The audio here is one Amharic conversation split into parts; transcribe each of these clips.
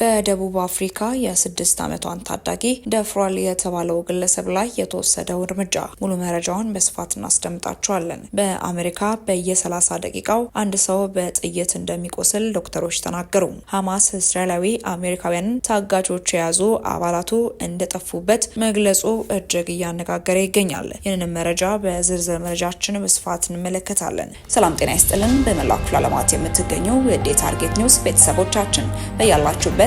በደቡብ አፍሪካ የስድስት ዓመቷን ታዳጊ ደፍሯል የተባለው ግለሰብ ላይ የተወሰደው እርምጃ ሙሉ መረጃውን በስፋት እናስደምጣቸዋለን። በአሜሪካ በየ30 ደቂቃው አንድ ሰው በጥይት እንደሚቆስል ዶክተሮች ተናገሩ። ሐማስ እስራኤላዊ አሜሪካውያን ታጋቾች የያዙ አባላቱ እንደጠፉበት መግለጹ እጅግ እያነጋገረ ይገኛል። ይህንን መረጃ በዝርዝር መረጃችን በስፋት እንመለከታለን። ሰላም ጤና ይስጥልን። በመላው ክፍለ ዓለማት የምትገኙ የዴ ታርጌት ኒውስ ቤተሰቦቻችን በያላችሁበት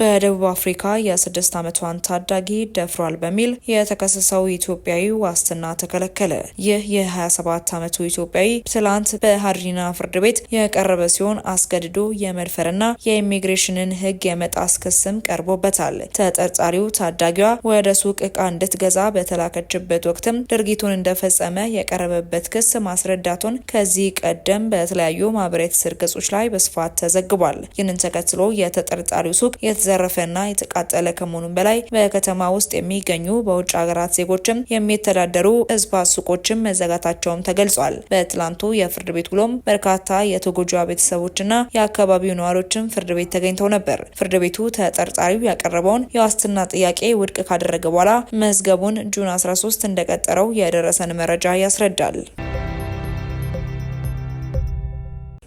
በደቡብ አፍሪካ የስድስት ዓመቷን ታዳጊ ደፍሯል በሚል የተከሰሰው ኢትዮጵያዊ ዋስትና ተከለከለ። ይህ የ27 ዓመቱ ኢትዮጵያዊ ትላንት በሀድሪና ፍርድ ቤት የቀረበ ሲሆን አስገድዶ የመድፈርና የኢሚግሬሽንን ሕግ የመጣስ ክስም ቀርቦበታል። ተጠርጣሪው ታዳጊዋ ወደ ሱቅ ዕቃ እንድትገዛ በተላከችበት ወቅትም ድርጊቱን እንደፈጸመ የቀረበበት ክስ ማስረዳቱን ከዚህ ቀደም በተለያዩ ማህበራዊ ትስስር ገጾች ላይ በስፋት ተዘግቧል። ይህንን ተከትሎ የተጠርጣሪው ሱቅ የተዘረፈና የተቃጠለ ከመሆኑም በላይ በከተማ ውስጥ የሚገኙ በውጭ ሀገራት ዜጎችም የሚተዳደሩ ህዝብ ሱቆችም መዘጋታቸውም ተገልጿል። በትላንቱ የፍርድ ቤት ውሎም በርካታ የተጎጂ ቤተሰቦችና የአካባቢው ነዋሪዎችም ፍርድ ቤት ተገኝተው ነበር። ፍርድ ቤቱ ተጠርጣሪው ያቀረበውን የዋስትና ጥያቄ ውድቅ ካደረገ በኋላ መዝገቡን ጁን 13 እንደቀጠረው የደረሰን መረጃ ያስረዳል።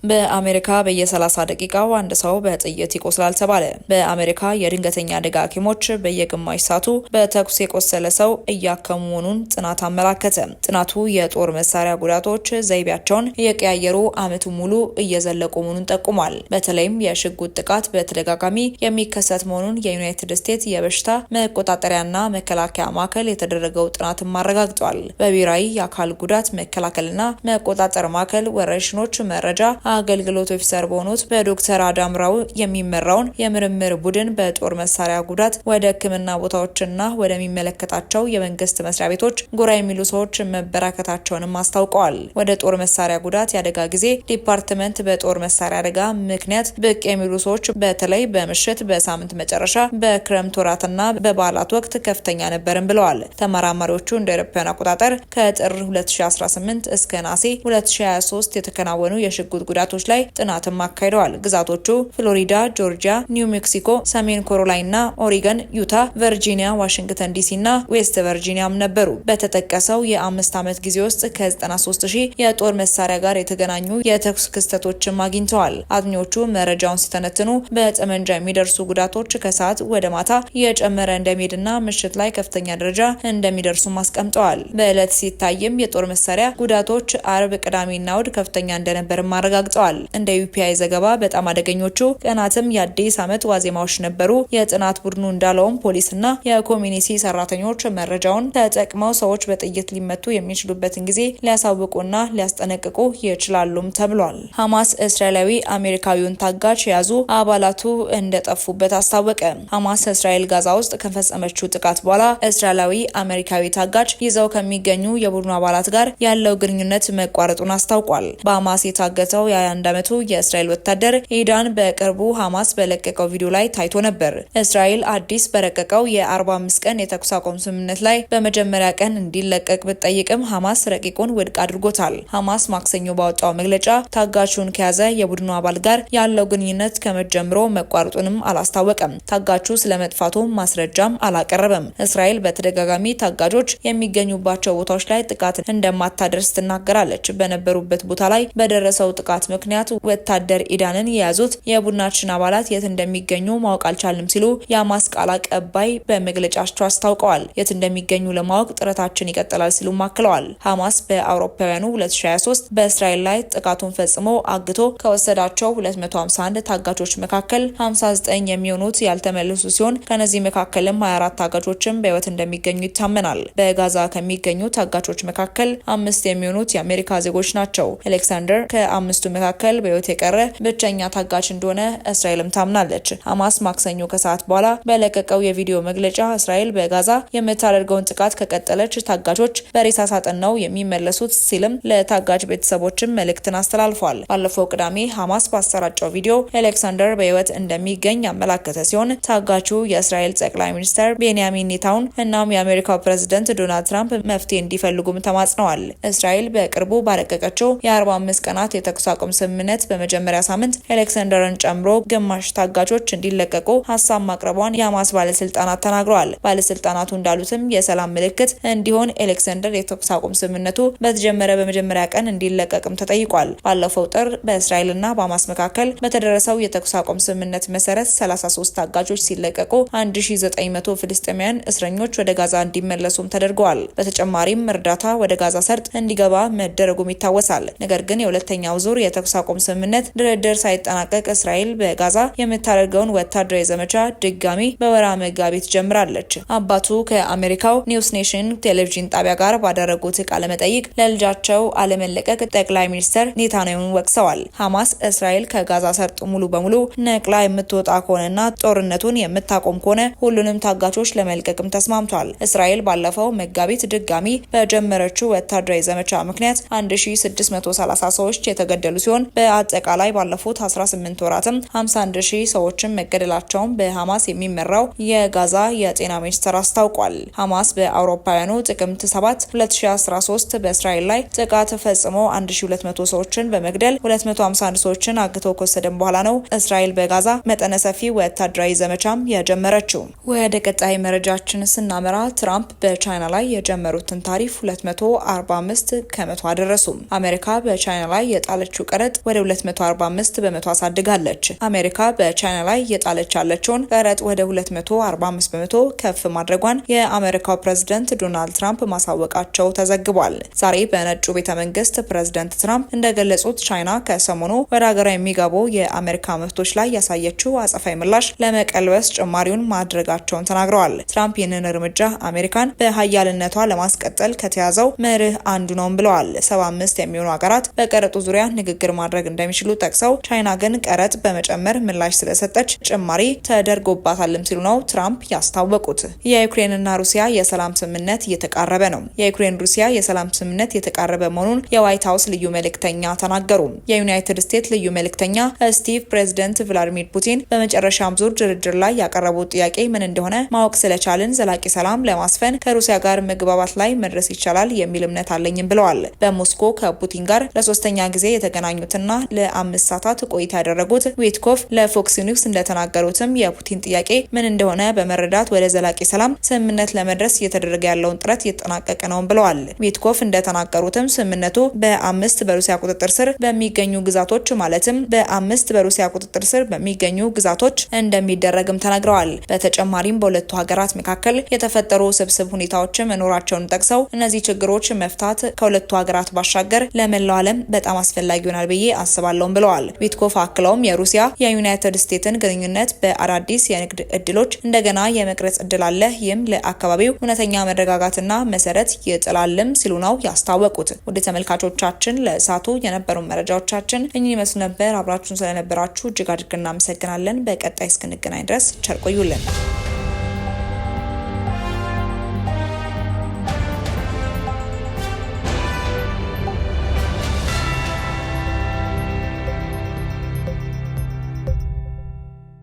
በአሜሪካ በየ30 ደቂቃው አንድ ሰው በጥይት ይቆስላል ተባለ። በአሜሪካ የድንገተኛ አደጋ ሐኪሞች በየግማሽ ሰዓቱ በተኩስ የቆሰለ ሰው እያከሙ መሆኑን ጥናት አመላከተ። ጥናቱ የጦር መሳሪያ ጉዳቶች ዘይቤያቸውን እየቀያየሩ አመቱ ሙሉ እየዘለቁ መሆኑን ጠቁሟል። በተለይም የሽጉጥ ጥቃት በተደጋጋሚ የሚከሰት መሆኑን የዩናይትድ ስቴትስ የበሽታ መቆጣጠሪያና መከላከያ ማዕከል የተደረገው ጥናትም አረጋግጧል። በብሔራዊ የአካል ጉዳት መከላከልና መቆጣጠር ማዕከል ወረርሽኖች መረጃ አገልግሎት ኦፊሰር በሆኑት በዶክተር አዳምራው የሚመራውን የምርምር ቡድን በጦር መሳሪያ ጉዳት ወደ ህክምና ቦታዎችና ወደሚመለከታቸው የመንግስት መስሪያ ቤቶች ጎራ የሚሉ ሰዎች መበራከታቸውንም አስታውቀዋል። ወደ ጦር መሳሪያ ጉዳት የአደጋ ጊዜ ዲፓርትመንት በጦር መሳሪያ አደጋ ምክንያት ብቅ የሚሉ ሰዎች በተለይ በምሽት በሳምንት መጨረሻ በክረምት ወራትና በበዓላት ወቅት ከፍተኛ ነበርም ብለዋል። ተመራማሪዎቹ እንደ አውሮፓውያን አቆጣጠር ከጥር 2018 እስከ ናሴ 2023 የተከናወኑ የሽጉጥ ጉዳት ጉዳቶች ላይ ጥናትም አካሂደዋል። ግዛቶቹ ፍሎሪዳ፣ ጆርጂያ፣ ኒው ሜክሲኮ፣ ሰሜን ኮሮላይና ኦሪገን፣ ዩታ፣ ቨርጂኒያ፣ ዋሽንግተን ዲሲ እና ዌስት ቨርጂኒያም ነበሩ። በተጠቀሰው የአምስት ዓመት ጊዜ ውስጥ ከ93 ሺህ የጦር መሳሪያ ጋር የተገናኙ የተኩስ ክስተቶችም አግኝተዋል። አጥኚዎቹ መረጃውን ሲተነትኑ በጠመንጃ የሚደርሱ ጉዳቶች ከሰዓት ወደ ማታ እየጨመረ እንደሚሄድና ምሽት ላይ ከፍተኛ ደረጃ እንደሚደርሱም አስቀምጠዋል። በዕለት ሲታይም የጦር መሳሪያ ጉዳቶች አርብ፣ ቅዳሜና እሁድ ከፍተኛ እንደነበርም አረጋግጠዋል። አረጋግጠዋል። እንደ ዩፒአይ ዘገባ በጣም አደገኞቹ ቀናትም የአዲስ ዓመት ዋዜማዎች ነበሩ። የጥናት ቡድኑ እንዳለውም ፖሊስና የኮሚኒቲ ሰራተኞች መረጃውን ተጠቅመው ሰዎች በጥይት ሊመቱ የሚችሉበትን ጊዜ ሊያሳውቁና ሊያስጠነቅቁ ይችላሉም ተብሏል። ሐማስ እስራኤላዊ አሜሪካዊውን ታጋች የያዙ አባላቱ እንደጠፉበት አስታወቀ። ሐማስ እስራኤል ጋዛ ውስጥ ከፈጸመችው ጥቃት በኋላ እስራኤላዊ አሜሪካዊ ታጋች ይዘው ከሚገኙ የቡድኑ አባላት ጋር ያለው ግንኙነት መቋረጡን አስታውቋል። በሐማስ የታገተው 21 ዓመቱ የእስራኤል ወታደር ኢዳን በቅርቡ ሐማስ በለቀቀው ቪዲዮ ላይ ታይቶ ነበር። እስራኤል አዲስ በረቀቀው የ45 ቀን የተኩስ አቁም ስምምነት ላይ በመጀመሪያ ቀን እንዲለቀቅ ብትጠይቅም ሐማስ ረቂቁን ውድቅ አድርጎታል። ሐማስ ማክሰኞ ባወጣው መግለጫ ታጋቹን ከያዘ የቡድኑ አባል ጋር ያለው ግንኙነት ከመጀመሩ መቋረጡንም አላስታወቀም። ታጋቹ ስለመጥፋቱ ማስረጃም አላቀረበም። እስራኤል በተደጋጋሚ ታጋጆች የሚገኙባቸው ቦታዎች ላይ ጥቃት እንደማታደርስ ትናገራለች። በነበሩበት ቦታ ላይ በደረሰው ጥቃት ምክንያት ወታደር ኢዳንን የያዙት የቡድናችን አባላት የት እንደሚገኙ ማወቅ አልቻልም ሲሉ የሐማስ ቃል አቀባይ በመግለጫቸው አስታውቀዋል። የት እንደሚገኙ ለማወቅ ጥረታችን ይቀጥላል ሲሉም አክለዋል። ሐማስ በአውሮፓውያኑ 2023 በእስራኤል ላይ ጥቃቱን ፈጽሞ አግቶ ከወሰዳቸው 251 ታጋቾች መካከል 59 የሚሆኑት ያልተመለሱ ሲሆን ከነዚህ መካከልም 24 ታጋቾችም በህይወት እንደሚገኙ ይታመናል። በጋዛ ከሚገኙ ታጋቾች መካከል አምስት የሚሆኑት የአሜሪካ ዜጎች ናቸው። አሌክሳንደር ከአምስቱ መካከል በህይወት የቀረ ብቸኛ ታጋች እንደሆነ እስራኤልም ታምናለች። ሐማስ ማክሰኞ ከሰዓት በኋላ በለቀቀው የቪዲዮ መግለጫ እስራኤል በጋዛ የምታደርገውን ጥቃት ከቀጠለች ታጋቾች በሬሳ ሳጥን ነው የሚመለሱት ሲልም ለታጋች ቤተሰቦችም መልእክትን አስተላልፏል። ባለፈው ቅዳሜ ሐማስ ባሰራጨው ቪዲዮ አሌክሳንደር በህይወት እንደሚገኝ ያመላከተ ሲሆን ታጋቹ የእስራኤል ጠቅላይ ሚኒስትር ቤንያሚን ኔታውን እናም የአሜሪካው ፕሬዝደንት ዶናልድ ትራምፕ መፍትሄ እንዲፈልጉም ተማጽነዋል። እስራኤል በቅርቡ ባረቀቀችው የ45 ቀናት የተኩስ አቁም ስምምነት በመጀመሪያ ሳምንት ኤሌክሳንደርን ጨምሮ ግማሽ ታጋቾች እንዲለቀቁ ሀሳብ ማቅረቧን የአማስ ባለስልጣናት ተናግረዋል። ባለስልጣናቱ እንዳሉትም የሰላም ምልክት እንዲሆን ኤሌክሳንደር የተኩስ አቁም ስምምነቱ በተጀመረ በመጀመሪያ ቀን እንዲለቀቅም ተጠይቋል። ባለፈው ጥር በእስራኤልና በአማስ መካከል በተደረሰው የተኩስ አቁም ስምምነት መሰረት 33 ታጋቾች ሲለቀቁ 1900 ፍልስጤማውያን እስረኞች ወደ ጋዛ እንዲመለሱም ተደርገዋል። በተጨማሪም እርዳታ ወደ ጋዛ ሰርጥ እንዲገባ መደረጉም ይታወሳል። ነገር ግን የሁለተኛው ዙር የተኩስ አቁም ስምምነት ድርድር ሳይጠናቀቅ እስራኤል በጋዛ የምታደርገውን ወታደራዊ ዘመቻ ድጋሚ በወራ መጋቢት ጀምራለች። አባቱ ከአሜሪካው ኒውስ ኔሽን ቴሌቪዥን ጣቢያ ጋር ባደረጉት ቃለ መጠይቅ ለልጃቸው አለመለቀቅ ጠቅላይ ሚኒስትር ኔታንያሁን ወቅሰዋል። ሐማስ እስራኤል ከጋዛ ሰርጥ ሙሉ በሙሉ ነቅላ የምትወጣ ከሆነና ጦርነቱን የምታቆም ከሆነ ሁሉንም ታጋቾች ለመልቀቅም ተስማምቷል። እስራኤል ባለፈው መጋቢት ድጋሚ በጀመረችው ወታደራዊ ዘመቻ ምክንያት 1630 ሰዎች የተገደሉ ሲሆን በአጠቃላይ ባለፉት 18 ወራትም 51 ሺህ ሰዎችን መገደላቸውን በሐማስ የሚመራው የጋዛ የጤና ሚኒስቴር አስታውቋል። ሐማስ በአውሮፓውያኑ ጥቅምት 7 2013 በእስራኤል ላይ ጥቃት ፈጽሞ 1200 ሰዎችን በመግደል 251 ሰዎችን አግቶ ከወሰደም በኋላ ነው እስራኤል በጋዛ መጠነ ሰፊ ወታደራዊ ዘመቻም የጀመረችው። ወደ ቀጣይ መረጃችን ስናመራ ትራምፕ በቻይና ላይ የጀመሩትን ታሪፍ 245 ከመቶ አደረሱ። አሜሪካ በቻይና ላይ የጣለችው ቀረጥ ወደ 245 በመቶ አሳድጋለች። አሜሪካ በቻይና ላይ እየጣለች ያለችውን ቀረጥ ወደ 245 በመቶ ከፍ ማድረጓን የአሜሪካው ፕሬዝደንት ዶናልድ ትራምፕ ማሳወቃቸው ተዘግቧል። ዛሬ በነጩ ቤተ መንግስት ፕሬዝደንት ትራምፕ እንደገለጹት ቻይና ከሰሞኑ ወደ ሀገራ የሚገቡ የአሜሪካ ምርቶች ላይ ያሳየችው አጸፋዊ ምላሽ ለመቀልበስ ጭማሪውን ማድረጋቸውን ተናግረዋል። ትራምፕ ይህንን እርምጃ አሜሪካን በሀያልነቷ ለማስቀጠል ከተያዘው መርህ አንዱ ነው ብለዋል። ሰባ አምስት የሚሆኑ ሀገራት በቀረጡ ዙሪያ ንግግር ንግግር ማድረግ እንደሚችሉ ጠቅሰው ቻይና ግን ቀረጥ በመጨመር ምላሽ ስለሰጠች ጭማሪ ተደርጎባታልም ሲሉ ነው ትራምፕ ያስታወቁት። የዩክሬንና ሩሲያ የሰላም ስምምነት እየተቃረበ ነው። የዩክሬን ሩሲያ የሰላም ስምምነት የተቃረበ መሆኑን የዋይት ሀውስ ልዩ መልእክተኛ ተናገሩ። የዩናይትድ ስቴትስ ልዩ መልእክተኛ ስቲቭ ፕሬዚደንት ቭላዲሚር ፑቲን በመጨረሻም ዙር ድርድር ላይ ያቀረቡት ጥያቄ ምን እንደሆነ ማወቅ ስለቻልን ዘላቂ ሰላም ለማስፈን ከሩሲያ ጋር መግባባት ላይ መድረስ ይቻላል የሚል እምነት አለኝም ብለዋል። በሞስኮ ከፑቲን ጋር ለሶስተኛ ጊዜ የተገናኙ የተገናኙትና ለአምስት ሰዓታት ቆይታ ያደረጉት ዊትኮፍ ለፎክስ ኒውስ እንደተናገሩትም የፑቲን ጥያቄ ምን እንደሆነ በመረዳት ወደ ዘላቂ ሰላም ስምምነት ለመድረስ እየተደረገ ያለውን ጥረት እየተጠናቀቀ ነው ብለዋል። ዊትኮፍ እንደተናገሩትም ስምምነቱ በአምስት በሩሲያ ቁጥጥር ስር በሚገኙ ግዛቶች ማለትም በአምስት በሩሲያ ቁጥጥር ስር በሚገኙ ግዛቶች እንደሚደረግም ተናግረዋል። በተጨማሪም በሁለቱ ሀገራት መካከል የተፈጠሩ ስብስብ ሁኔታዎች መኖራቸውን ጠቅሰው እነዚህ ችግሮች መፍታት ከሁለቱ ሀገራት ባሻገር ለመላው ዓለም በጣም አስፈላጊ ሆናል ይሆናል ብዬ አስባለሁም ብለዋል። ዊትኮፍ አክለውም የሩሲያ የዩናይትድ ስቴትስን ግንኙነት በአዳዲስ የንግድ እድሎች እንደገና የመቅረጽ እድል አለ። ይህም ለአካባቢው እውነተኛ መረጋጋትና መሰረት ይጥላልም ሲሉ ነው ያስታወቁት። ወደ ተመልካቾቻችን ለእሳቱ የነበሩ መረጃዎቻችን እኚህ ይመስሉ ነበር። አብራችሁን ስለነበራችሁ እጅግ አድርገን እናመሰግናለን። በቀጣይ እስክንገናኝ ድረስ ቸር ቆዩልን።